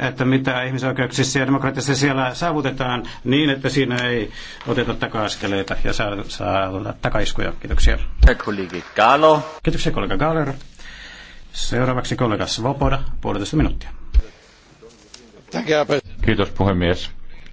että mitä ihmisoikeuksissa ja demokratiassa siellä saavutetaan niin, että siinä ei oteta taka-askeleita ja saa, saa takaiskuja. Kiitoksia. Kollega Galo. Kiitoksia kollega Galer. Seuraavaksi kollega Svoboda, puolitoista minuuttia. Kiitos puhemies.